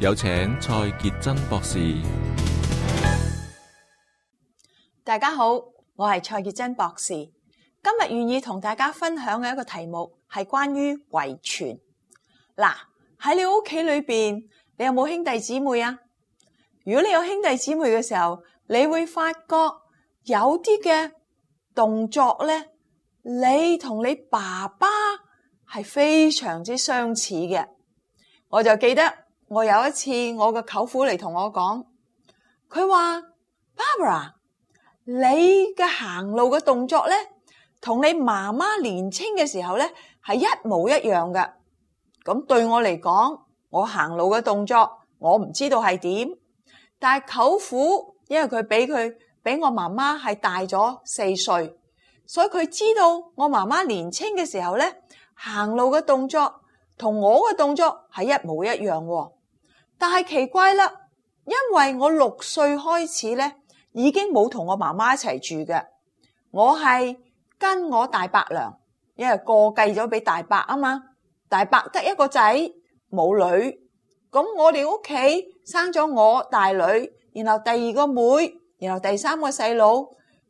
有請蔡潔珍博士。大家好，我係蔡潔珍博士。今日願意同大家分享嘅一個題目係關於遺傳。嗱，喺你屋企裏邊，你有冇兄弟姊妹啊？如果你有兄弟姊妹嘅時候，你會發覺有啲嘅動作咧，你同你爸爸係非常之相似嘅。我就記得。我有一次，我嘅舅父嚟同我講，佢話：Barbara，你嘅行路嘅動作咧，同你媽媽年青嘅時候咧係一模一樣嘅。咁對我嚟講，我行路嘅動作我唔知道係點，但係舅父因為佢比佢比我媽媽係大咗四歲，所以佢知道我媽媽年青嘅時候咧行路嘅動作同我嘅動作係一模一樣。但係奇怪啦，因為我六歲開始咧，已經冇同我媽媽一齊住嘅，我係跟我大伯娘，因為過繼咗俾大伯啊嘛。大伯得一個仔，冇女，咁我哋屋企生咗我大女，然後第二個妹，然後第三個細佬，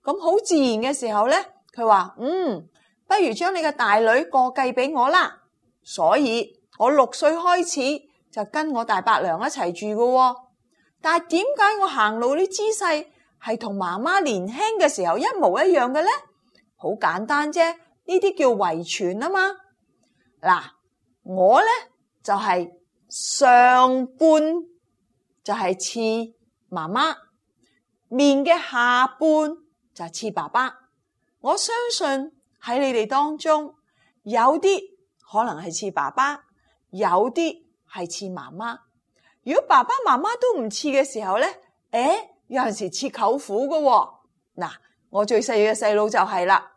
咁好自然嘅時候咧，佢話嗯，不如將你嘅大女過繼俾我啦。所以我六歲開始。就跟我大伯娘一齊住㗎喎。但係點解我行路啲姿勢係同媽媽年輕嘅時候一模一樣嘅咧？好簡單啫，呢啲叫遺傳啊嘛。嗱，我咧就係上半就係似媽媽，面嘅下半就係似爸爸。我相信喺你哋當中有啲可能係似爸爸，有啲。係似媽媽，如果爸爸媽媽都唔似嘅時候咧，誒，有陣時似舅父㗎喎。嗱，我最細嘅細佬就係啦，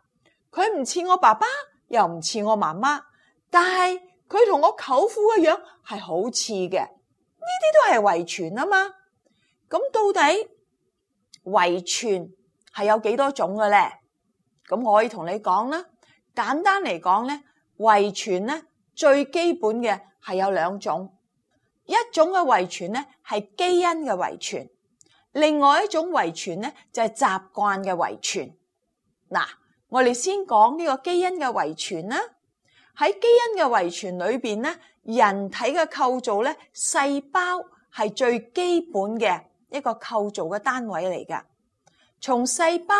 佢唔似我爸爸，又唔似我媽媽，但係佢同我舅父嘅樣係好似嘅。呢啲都係遺傳啊嘛。咁到底遺傳係有幾多種嘅咧？咁我可以同你講啦，簡單嚟講咧，遺傳咧最基本嘅。係有兩種，一種嘅遺傳呢，係基因嘅遺傳，另外一種遺傳呢，就係習慣嘅遺傳。嗱，我哋先講呢個基因嘅遺傳啦。喺基因嘅遺傳裏面呢，人體嘅構造呢，細胞係最基本嘅一個構造嘅單位嚟㗎。從細胞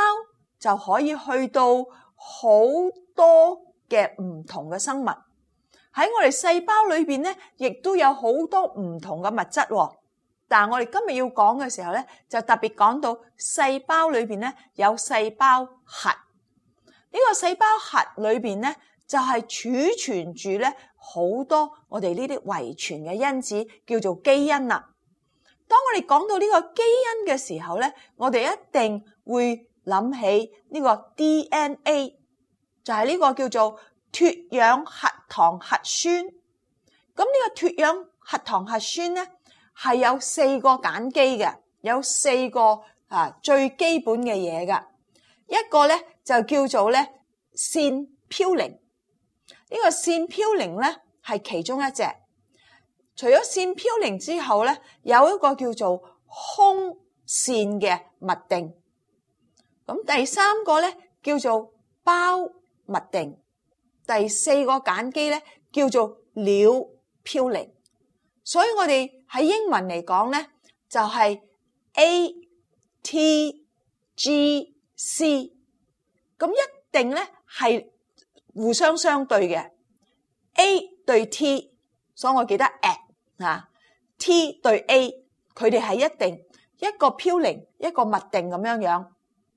就可以去到好多嘅唔同嘅生物。喺我哋細胞裏邊咧，亦都有好多唔同嘅物質。但係我哋今日要講嘅時候咧，就特別講到細胞裏邊咧有細胞核。呢個細胞核裏邊咧就係儲存住咧好多我哋呢啲遺傳嘅因子，叫做基因啦。當我哋講到呢個基因嘅時候咧，我哋一定會諗起呢個 DNA，就係呢個叫做脫氧核。核糖核酸，咁呢個脫氧核糖核酸咧，係有四個鹼基嘅，有四個啊最基本嘅嘢噶，一個咧就叫做咧腺嘌呤，呢個腺嘌呤咧係其中一隻。除咗腺嘌呤之後咧，有一個叫做胸腺嘅嘧啶，咁第三個咧叫做胞嘧啶。第四個鹼基咧叫做鳥嘌呤，所以我哋喺英文嚟講咧就係 A T G C 咁一定咧係互相相對嘅 A 對 T，所以我記得 A 啊 T 對 A 佢哋係一定一個嘌呤一個嘧啶咁樣樣，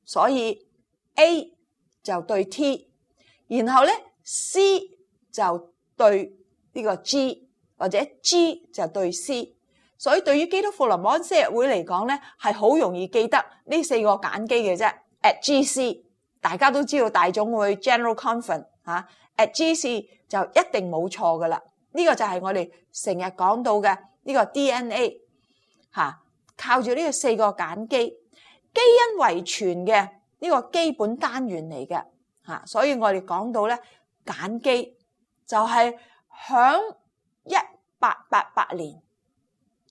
所以 A 就對 T，然後咧。C 就對呢個 G 或者 G 就對 C，所以對於基督復臨安息日會嚟講咧，係好容易記得呢四個鹼基嘅啫。At G C，大家都知道大總會 General Conference 吓，At G C 就一定冇錯噶啦。呢個就係我哋成日講到嘅呢個 DNA 吓，靠住呢個四個鹼基基因遺傳嘅呢個基本單元嚟嘅吓，所以我哋講到咧。鹼基就係響一八八八年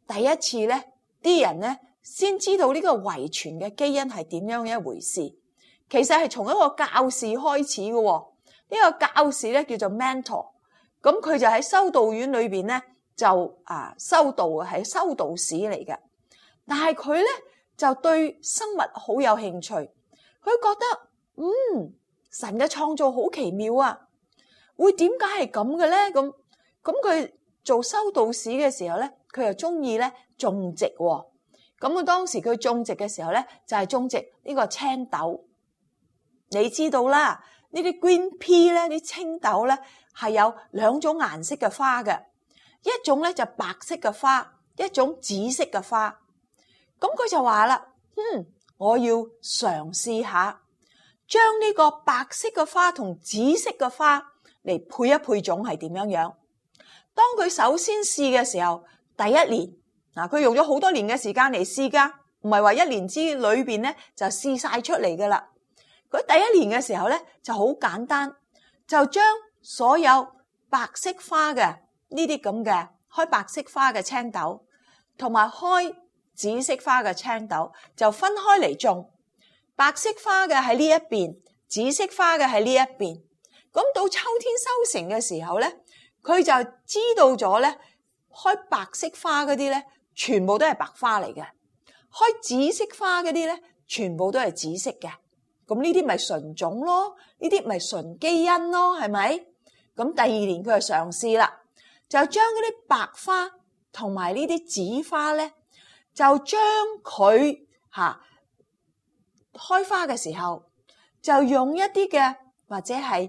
第一次咧，啲人咧先知道呢個遺傳嘅基因係點樣一回事。其實係從一個教士開始嘅，呢、這個教士咧叫做 Mendel，咁佢就喺修道院裏邊咧就啊修道，係修道士嚟嘅。但係佢咧就對生物好有興趣，佢覺得嗯神嘅創造好奇妙啊！會點解係咁嘅咧？咁咁佢做修道士嘅時候咧，佢又中意咧種植喎。咁佢當時佢種植嘅時候咧，就係種植呢個青豆。你知道啦，呢啲 green pea 咧，啲青豆咧係有兩種顏色嘅花嘅，一種咧就白色嘅花，一種紫色嘅花。咁佢就話啦，嗯，我要嘗試下，將呢個白色嘅花同紫色嘅花，嚟配一配種係點樣樣？當佢首先試嘅時候，第一年嗱，佢用咗好多年嘅時間嚟試噶，唔係話一年之裏邊咧就試晒出嚟噶啦。佢第一年嘅時候咧就好簡單，就將所有白色花嘅呢啲咁嘅開白色花嘅青豆，同埋開紫色花嘅青豆，就分開嚟種，白色花嘅喺呢一邊，紫色花嘅喺呢一邊。咁到秋天收成嘅時候咧，佢就知道咗咧，開白色花嗰啲咧，全部都係白花嚟嘅；開紫色花嗰啲咧，全部都係紫色嘅。咁呢啲咪純種咯？呢啲咪純基因咯？係咪？咁第二年佢就嘗試啦，就將嗰啲白花同埋呢啲紫花咧，就將佢嚇開花嘅時候，就用一啲嘅或者係。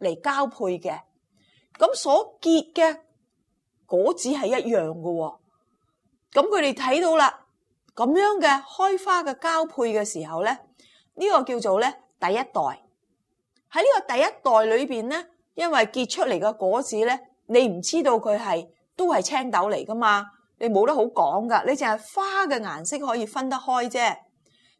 嚟交配嘅，咁所結嘅果子係一樣嘅，咁佢哋睇到啦，咁樣嘅開花嘅交配嘅時候咧，呢個叫做咧第一代。喺呢個第一代裏邊咧，因為結出嚟嘅果子咧，你唔知道佢係都係青豆嚟噶嘛，你冇得好講噶，你淨係花嘅顏色可以分得開啫。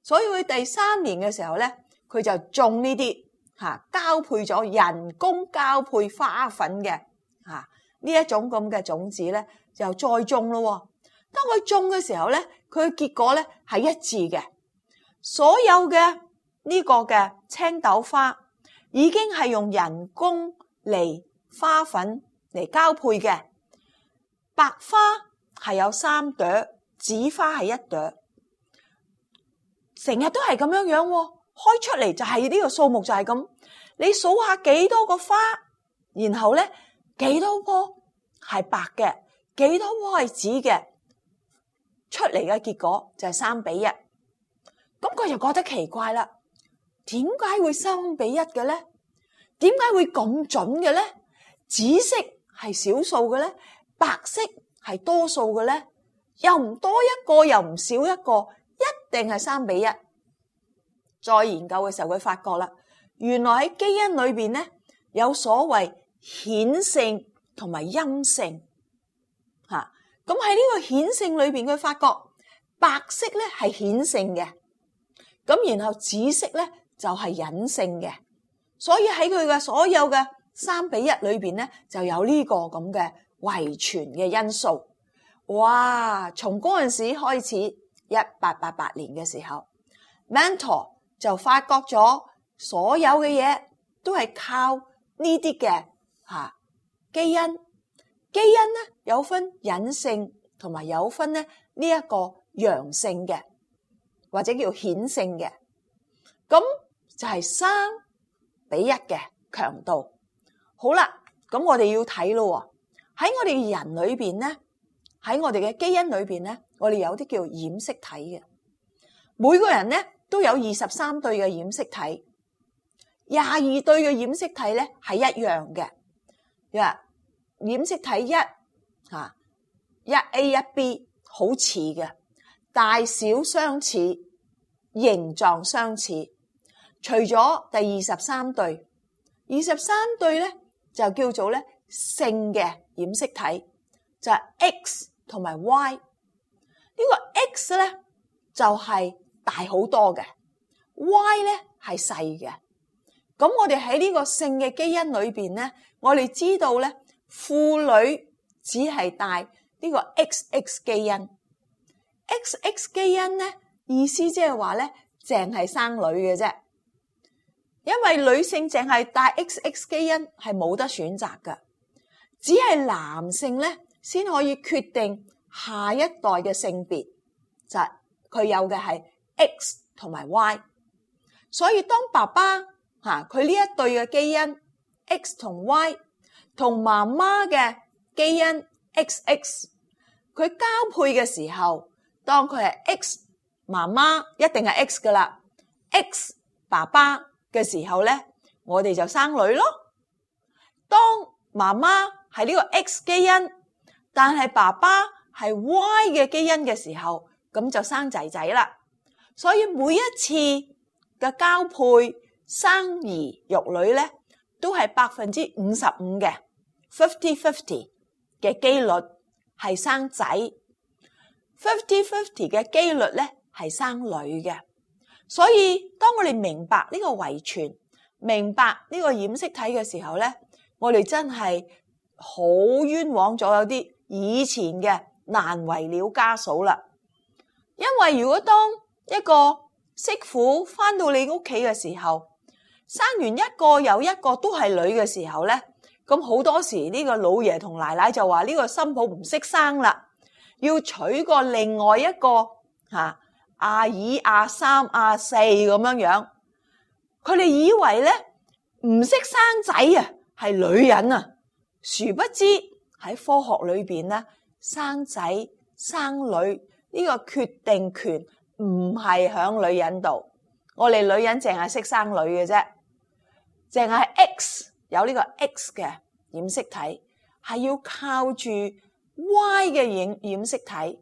所以佢第三年嘅時候咧，佢就種呢啲。吓交配咗人工交配花粉嘅吓，呢一種咁嘅種子咧，就再種咯。當佢種嘅時候咧，佢嘅結果咧係一致嘅。所有嘅呢個嘅青豆花已經係用人工嚟，花粉嚟交配嘅，白花係有三朵，紫花係一朵，成日都係咁樣樣。開出嚟就係呢個數目就係咁，你數下幾多個花，然後咧幾多棵係白嘅，幾多棵係紫嘅，出嚟嘅結果就係三比一。咁佢就覺得奇怪啦，點解會三比一嘅咧？點解會咁準嘅咧？紫色係少數嘅咧，白色係多數嘅咧，又唔多一個又唔少一個，一定係三比一。再研究嘅時候，佢發覺啦，原來喺基因裏邊咧有所謂顯性同埋隱性嚇。咁喺呢個顯性裏邊，佢發覺白色咧係顯性嘅，咁然後紫色咧就係隱性嘅。所以喺佢嘅所有嘅三比一裏邊咧，就有呢個咁嘅遺傳嘅因素。哇！從嗰陣時開始，一八八八年嘅時候，孟德爾。就發覺咗，所有嘅嘢都係靠呢啲嘅吓基因，基因咧有分隱性同埋有分咧呢一個陽性嘅，或者叫顯性嘅。咁就係三比一嘅強度。好啦，咁我哋要睇咯喎，喺我哋嘅人裏邊咧，喺我哋嘅基因裏邊咧，我哋有啲叫染色體嘅，每個人咧。都有二十三對嘅染色體，廿二對嘅染色體咧係一樣嘅。一染色體一吓一 A 一 B，好似嘅，大小相似，形狀相似。除咗第二十三對，二十三對咧就叫做咧性嘅染色體，就係 X 同埋 Y 呢個 X 咧就係，大好多嘅，Y 咧係細嘅。咁我哋喺呢個性嘅基因裏邊咧，我哋知道咧，婦女只係帶呢個 X X 基 XX 基因，XX 基因咧意思即係話咧，淨係生女嘅啫。因為女性淨係帶 XX 基因係冇得選擇噶，只係男性咧先可以決定下一代嘅性別，就係、是、佢有嘅係。X 同埋 Y，所以當爸爸吓佢呢一對嘅基因 X 同 Y，同媽媽嘅基因 XX，佢交配嘅時候，當佢係 X，媽媽一定係 X 噶啦。X 爸爸嘅時候咧，我哋就生女咯。當媽媽係呢個 X 基因，但係爸爸係 Y 嘅基因嘅時候，咁就生仔仔啦。所以每一次嘅交配生兒育女咧，都係百分之五十五嘅 fifty fifty 嘅機率係生仔，fifty fifty 嘅機率咧係生女嘅。所以當我哋明白呢個遺傳，明白呢個染色體嘅時候咧，我哋真係好冤枉咗有啲以前嘅難為了家嫂啦。因為如果當一個媳婦翻到你屋企嘅時候，生完一個又一個都係女嘅時候咧，咁好多時呢個老爺同奶奶就話呢個新抱唔識生啦，要娶個另外一個吓阿二、阿三、阿四咁樣樣。佢哋以為咧唔識生仔啊，係女人啊，殊不知喺科學裏邊咧，生仔生女呢個決定權。唔係響女人度，我哋女人淨係識生女嘅啫，淨係 X 有呢個 X 嘅染色體，係要靠住 Y 嘅染染色體，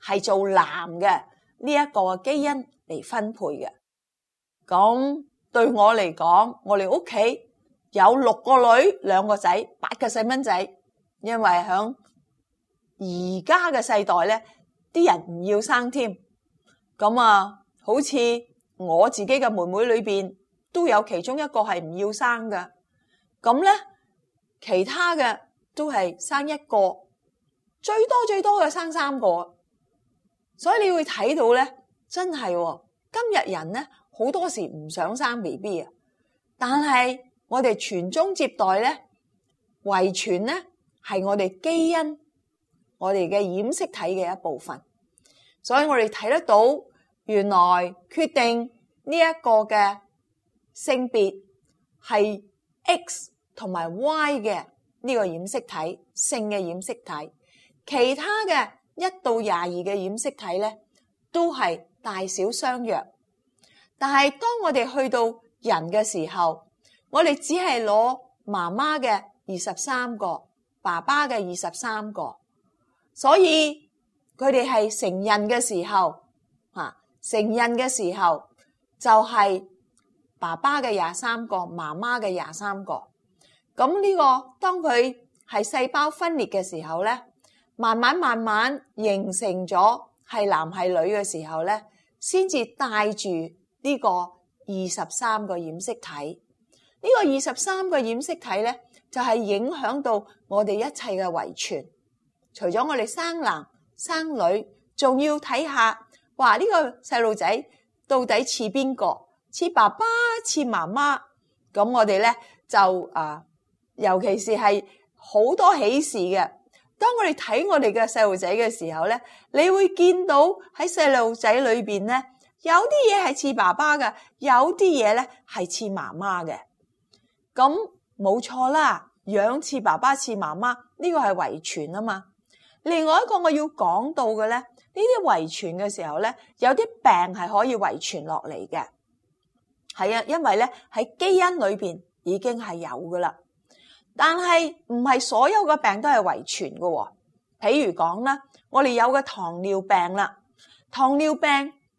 係做男嘅呢一個基因嚟分配嘅。咁對我嚟講，我哋屋企有六個女，兩個仔，八個細蚊仔，因為響而家嘅世代咧，啲人唔要生添。咁啊，好似我自己嘅妹妹裏邊都有其中一個係唔要生嘅，咁咧其他嘅都係生一個，最多最多嘅生三個，所以你會睇到咧，真係、哦、今日人咧好多時唔想生 B B 啊，但係我哋傳宗接代咧，遺傳咧係我哋基因，我哋嘅染色體嘅一部分。所以我哋睇得到，原來決定呢一個嘅性別係 X 同埋 Y 嘅呢個染色體，性嘅染色體，其他嘅一到廿二嘅染色體呢，都係大小相若。但係當我哋去到人嘅時候，我哋只係攞媽媽嘅二十三個，爸爸嘅二十三個，所以。佢哋係成人嘅時候，成人嘅時候就係爸爸嘅廿三個，媽媽嘅廿三個。咁、這、呢個當佢係細胞分裂嘅時候咧，慢慢慢慢形成咗係男係女嘅時候咧，先至帶住呢個二十三個染色體。呢、這個二十三個染色體咧，就係影響到我哋一切嘅遺傳。除咗我哋生男，生女仲要睇下，話呢個細路仔到底似邊個？似爸爸似媽媽？咁我哋咧就啊，尤其是係好多喜事嘅。當我哋睇我哋嘅細路仔嘅時候咧，你會見到喺細路仔裏邊咧，有啲嘢係似爸爸嘅，有啲嘢咧係似媽媽嘅。咁冇錯啦，樣似爸爸似媽媽，呢個係遺傳啊嘛。另外一個我要講到嘅咧，呢啲遺傳嘅時候咧，有啲病係可以遺傳落嚟嘅，係啊，因為咧喺基因裏邊已經係有噶啦。但係唔係所有嘅病都係遺傳噶喎。譬如講啦，我哋有個糖尿病啦，糖尿病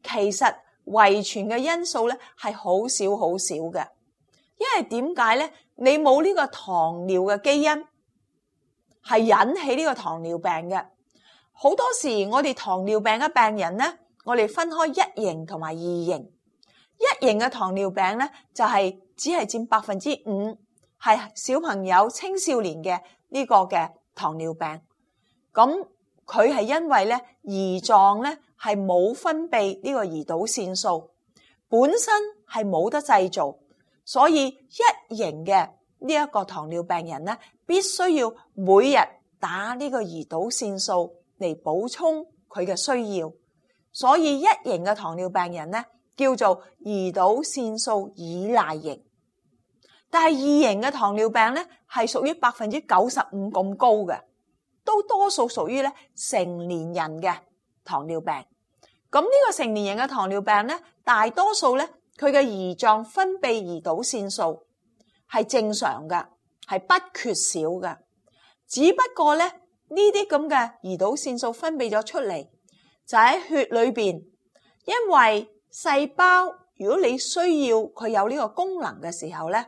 其實遺傳嘅因素咧係好少好少嘅，因為點解咧？你冇呢個糖尿嘅基因。係引起呢個糖尿病嘅。好多時，我哋糖尿病嘅病人呢，我哋分開一型同埋二型。一型嘅糖尿病呢就是是，就係只係佔百分之五，係小朋友、青少年嘅呢個嘅糖尿病。咁佢係因為呢胰臟呢係冇分泌呢個胰島素，本身係冇得製造，所以一型嘅呢一個糖尿病人呢。必須要每日打呢個胰島腺素嚟補充佢嘅需要，所以一型嘅糖尿病人咧叫做胰島腺素依賴型。但係二型嘅糖尿病咧係屬於百分之九十五咁高嘅，都多數屬於咧成年人嘅糖尿病。咁呢個成年人嘅糖尿病咧，大多數咧佢嘅胰臟分泌胰島腺素係正常噶。係不缺少噶，只不過咧呢啲咁嘅胰島腺素分泌咗出嚟，就喺血裏邊。因為細胞如果你需要佢有呢個功能嘅時候咧，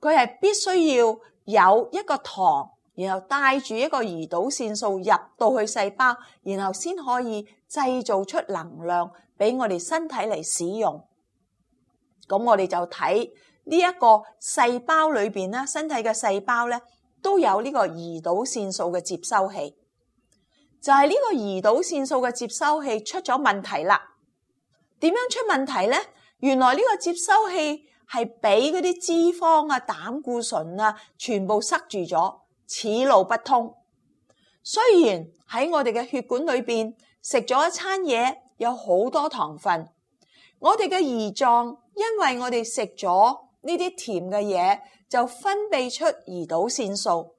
佢係必須要有一個糖，然後帶住一個胰島腺素入到去細胞，然後先可以製造出能量俾我哋身體嚟使用。咁我哋就睇。呢一個細胞裏邊咧，身體嘅細胞咧都有呢個胰島腺素嘅接收器，就係呢個胰島腺素嘅接收器出咗問題啦。點樣出問題呢？原來呢個接收器係俾嗰啲脂肪啊、膽固醇啊，全部塞住咗，此路不通。雖然喺我哋嘅血管裏邊食咗一餐嘢，有好多糖分，我哋嘅胰臟因為我哋食咗。呢啲甜嘅嘢就分泌出胰島腺素，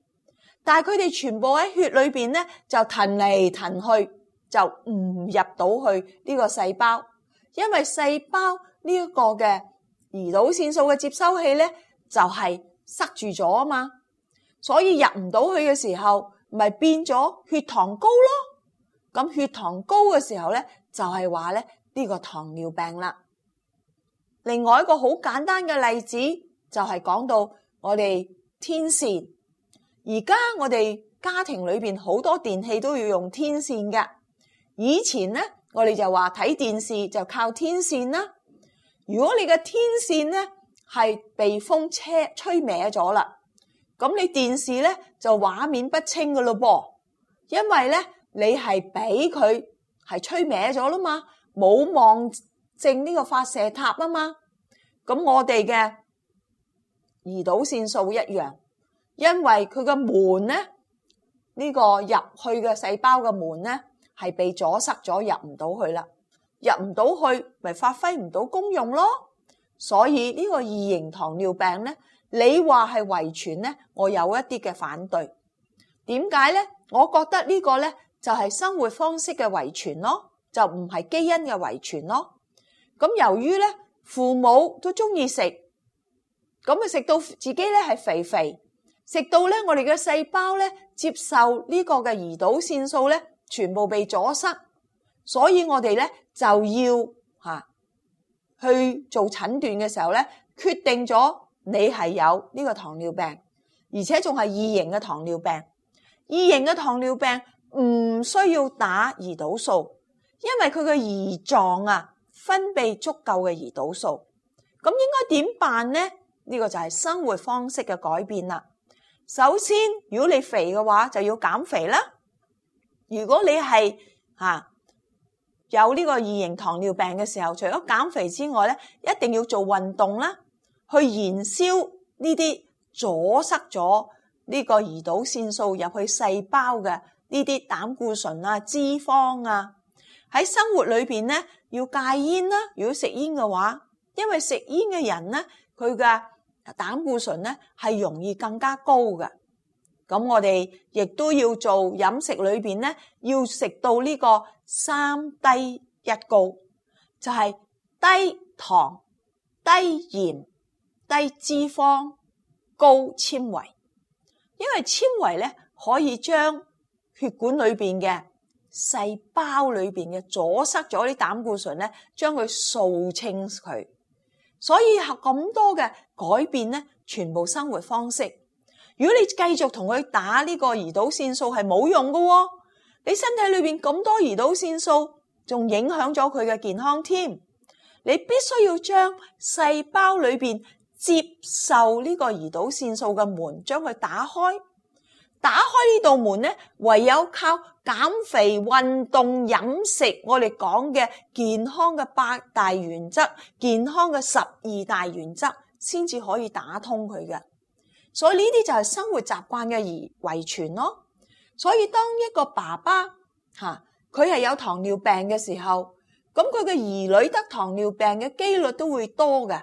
但係佢哋全部喺血裏邊咧就騰嚟騰去，就唔入到去呢個細胞，因為細胞呢一個嘅胰島腺素嘅接收器咧就係塞住咗啊嘛，所以入唔到去嘅時候咪變咗血糖高咯，咁血糖高嘅時候咧就係話咧呢個糖尿病啦。另外一個好簡單嘅例子就係講到我哋天線，而家我哋家庭裏邊好多電器都要用天線嘅。以前呢，我哋就話睇電視就靠天線啦。如果你嘅天線呢係被風車吹歪咗啦，咁你電視呢就畫面不清噶咯噃，因為呢，你係俾佢係吹歪咗啦嘛，冇望。正呢個發射塔啊嘛，咁我哋嘅胰島腺素一樣，因為佢嘅門咧呢個入去嘅細胞嘅門咧係被阻塞咗，入唔到去啦，入唔到去咪發揮唔到功用咯。所以呢個二型糖尿病咧，你話係遺傳咧，我有一啲嘅反對。點解咧？我覺得呢個咧就係生活方式嘅遺傳咯，就唔係基因嘅遺傳咯。咁由於咧，父母都中意食，咁啊食到自己咧係肥肥，食到咧我哋嘅細胞咧接受呢個嘅胰島腺素咧，全部被阻塞，所以我哋咧就要吓去做診斷嘅時候咧，決定咗你係有呢個糖尿病，而且仲係二型嘅糖尿病。二型嘅糖尿病唔需要打胰島素，因為佢嘅胰臟啊，分泌足夠嘅胰島素，咁應該點辦呢？呢個就係生活方式嘅改變啦。首先，如果你肥嘅話，就要減肥啦。如果你係嚇有呢個二型糖尿病嘅時候，除咗減肥之外咧，一定要做運動啦，去燃燒呢啲阻塞咗呢個胰島腺素入去細胞嘅呢啲膽固醇啊、脂肪啊。喺生活裏邊咧，要戒煙啦。如果食煙嘅話，因為食煙嘅人咧，佢嘅膽固醇咧係容易更加高嘅。咁我哋亦都要做飲食裏邊咧，要食到呢個三低一高，就係低糖、低鹽、低脂肪、高纖維。因為纖維咧可以將血管裏邊嘅。細胞裏邊嘅阻塞咗啲膽固醇咧，將佢掃清佢，所以係咁多嘅改變咧，全部生活方式。如果你繼續同佢打呢個胰島腺素係冇用噶，你身體裏邊咁多胰島腺素，仲影響咗佢嘅健康添。你必須要將細胞裏邊接受呢個胰島腺素嘅門，將佢打開。打開呢道門咧，唯有靠減肥、運動、飲食，我哋講嘅健康嘅八大原則、健康嘅十二大原則，先至可以打通佢嘅。所以呢啲就係生活習慣嘅而遺傳咯。所以當一個爸爸吓佢係有糖尿病嘅時候，咁佢嘅兒女得糖尿病嘅幾率都會多嘅。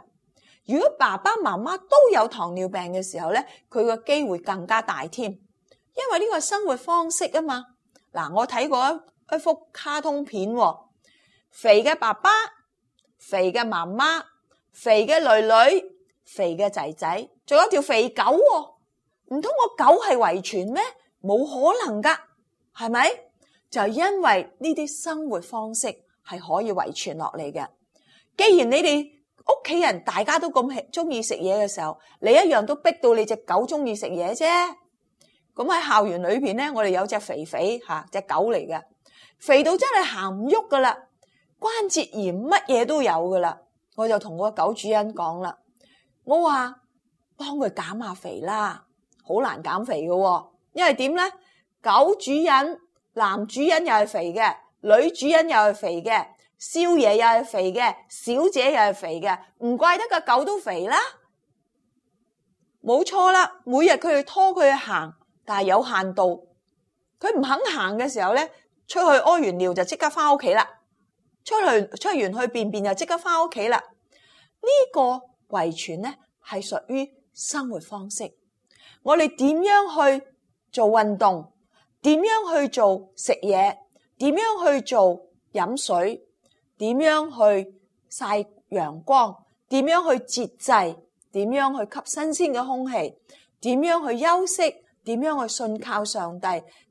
如果爸爸媽媽都有糖尿病嘅時候咧，佢嘅機會更加大添。因為呢個生活方式啊嘛，嗱，我睇過一,一幅卡通片。哦，肥嘅爸爸，肥嘅媽媽，肥嘅女女，肥嘅仔仔，仲有條肥狗。哦，唔通我狗係遺傳咩？冇可能噶，係咪？就因為呢啲生活方式係可以遺傳落嚟嘅。既然你哋屋企人大家都咁中意食嘢嘅時候，你一樣都逼到你隻狗中意食嘢啫。咁喺校園裏邊咧，我哋有隻肥肥吓、啊、隻狗嚟嘅，肥到真係行唔喐噶啦，關節炎乜嘢都有噶啦。我就同個狗主人講啦，我話幫佢減下肥啦，好難減肥喎、哦！因為點咧？狗主人、男主人又係肥嘅，女主人又係肥嘅，少爺又係肥嘅，小姐又係肥嘅，唔怪得個狗都肥啦。冇錯啦，每日佢去拖佢去行。但係有限度，佢唔肯行嘅時候咧，出去屙完尿就即刻翻屋企啦。出去出完去便便就即刻翻屋企啦。呢個遺傳咧係屬於生活方式。我哋點樣去做運動？點樣去做食嘢？點樣去做飲水？點樣去曬陽光？點樣去節制？點樣去吸新鮮嘅空氣？點樣去休息？點樣去信靠上帝？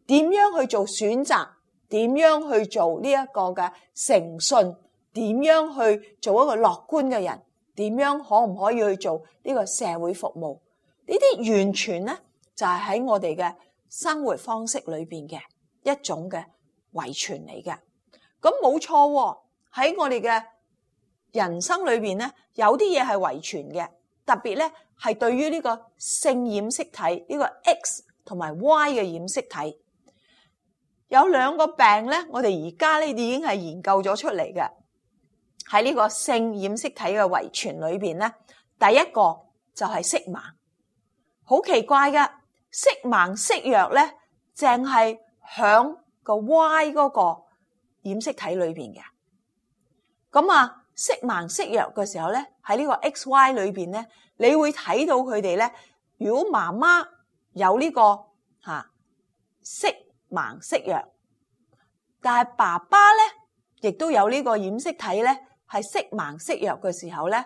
點樣去做選擇？點樣去做呢一個嘅誠信？點樣去做一個樂觀嘅人？點樣可唔可以去做呢個社會服務？呢啲完全呢，就係喺我哋嘅生活方式裏邊嘅一種嘅遺傳嚟嘅。咁冇錯喎，喺我哋嘅人生裏邊呢，有啲嘢係遺傳嘅，特別呢。係對於呢個性染色體，呢個 X 同埋 Y 嘅染色體，有兩個病咧。我哋而家咧已經係研究咗出嚟嘅，喺呢個性染色體嘅遺傳裏邊咧，第一個就係色盲，好奇怪㗎，色盲色弱咧，淨係響個 Y 嗰個染色體裏邊嘅，咁啊。色盲色弱嘅時候咧，喺呢個 X、Y 裏邊咧，你會睇到佢哋咧。如果媽媽有呢、這個嚇、啊、色盲色弱，但係爸爸咧亦都有呢個染色體咧，係色盲色弱嘅時候咧，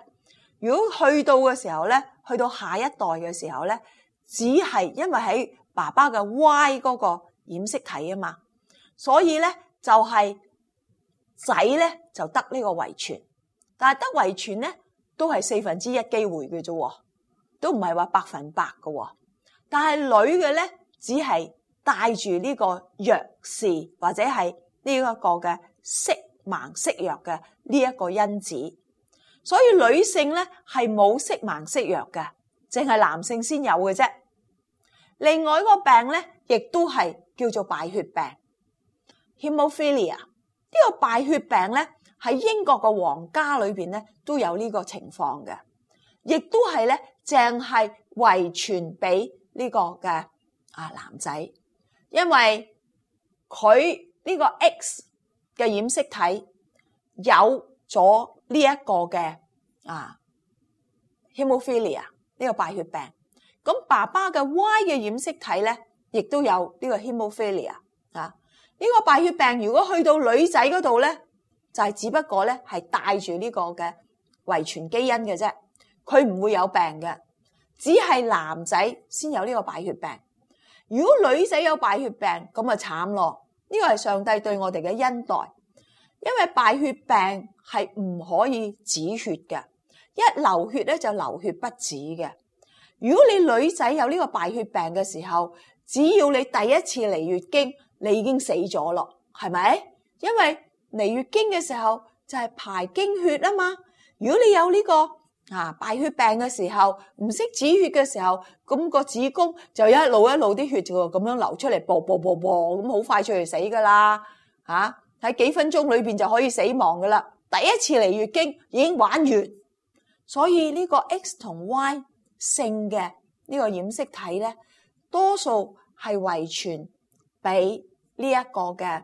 如果去到嘅時候咧，去到下一代嘅時候咧，只係因為喺爸爸嘅 Y 嗰個染色體啊嘛，所以咧就係仔咧就得呢個遺傳。但係得遺傳咧，都係四分之一機會嘅啫，都唔係話百分百嘅。但係女嘅咧，只係帶住呢個弱視，或者係呢一個嘅色盲色弱嘅呢一個因子。所以女性咧係冇色盲色弱嘅，淨係男性先有嘅啫。另外一個病咧，亦都係叫做敗血病 （hemophilia）。呢個敗血病咧。喺英國嘅皇家裏邊咧，都有呢個情況嘅，亦都係咧，淨係遺傳俾呢個嘅啊男仔，因為佢呢個 X 嘅染色體有咗呢一個嘅啊 hemophilia 呢個敗血病。咁、啊、爸爸嘅 Y 嘅染色體咧，亦都有呢個 hemophilia 啊呢、呢個敗血病。如果去到女仔嗰度咧，就係只不過咧，係帶住呢個嘅遺傳基因嘅啫，佢唔會有病嘅，只係男仔先有呢個敗血病。如果女仔有敗血病，咁啊慘咯！呢個係上帝對我哋嘅恩待，因為敗血病係唔可以止血嘅，一流血咧就流血不止嘅。如果你女仔有呢個敗血病嘅時候，只要你第一次嚟月經，你已經死咗咯，係咪？因為嚟月經嘅時候就係排經血啊嘛。如果你有呢、這個。啊！敗血病嘅時候，唔識止血嘅時候，咁、那個子宮就一路一路啲血就咁樣流出嚟，啵啵啵啵，咁好快出嚟就死㗎啦！吓、啊、喺幾分鐘裏面就可以死亡㗎啦。第一次嚟月經已經玩完，所以呢個 X 同 Y 性嘅呢個染色體呢，多數係遺傳俾呢一個嘅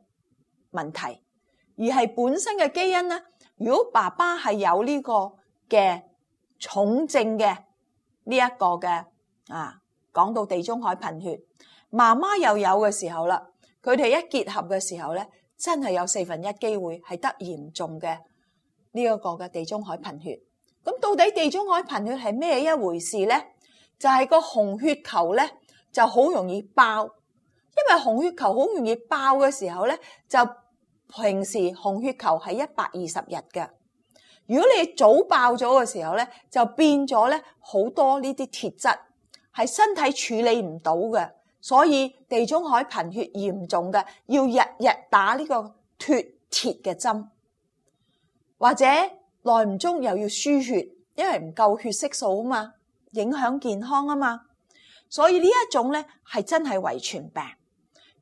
問題，而係本身嘅基因呢。如果爸爸係有呢個嘅重症嘅呢一個嘅啊，講到地中海貧血，媽媽又有嘅時候啦，佢哋一結合嘅時候呢，真係有四分一機會係得嚴重嘅呢一個嘅地中海貧血。咁到底地中海貧血係咩一回事呢？就係個紅血球呢，就好容易爆。因為紅血球好容易爆嘅時候呢，就平時紅血球係一百二十日嘅。如果你早爆咗嘅時候呢，就變咗呢好多呢啲鐵質，係身體處理唔到嘅，所以地中海貧血嚴重嘅，要日日打呢個脫鐵嘅針，或者耐唔中又要輸血，因為唔夠血色素啊嘛，影響健康啊嘛，所以呢一種呢，係真係遺傳病。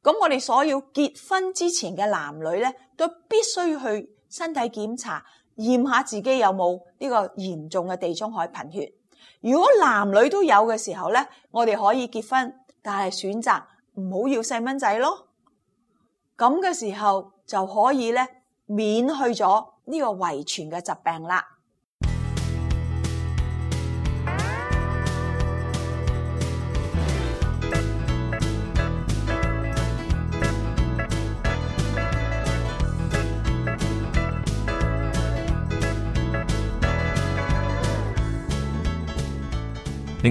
咁我哋所要結婚之前嘅男女咧，都必須去身體檢查，驗下自己有冇呢個嚴重嘅地中海貧血。如果男女都有嘅時候咧，我哋可以結婚，但係選擇唔好要細蚊仔咯。咁嘅時候就可以咧，免去咗呢個遺傳嘅疾病啦。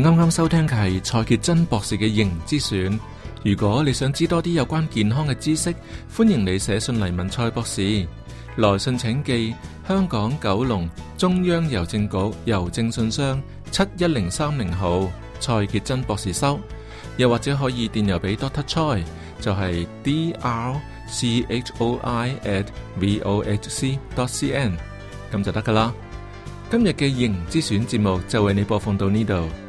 啱啱收聽嘅係蔡潔珍博士嘅營之選。如果你想知多啲有關健康嘅知識，歡迎你寫信嚟問蔡博士。來信請寄香港九龍中央郵政局郵政信箱七一零三零號蔡潔珍博士收。又或者可以電郵俾 Doctor Choi，就係 D R C H O I at V O H C dot C N，咁就得㗎喇。今日嘅營之選節目就為你播放到呢度。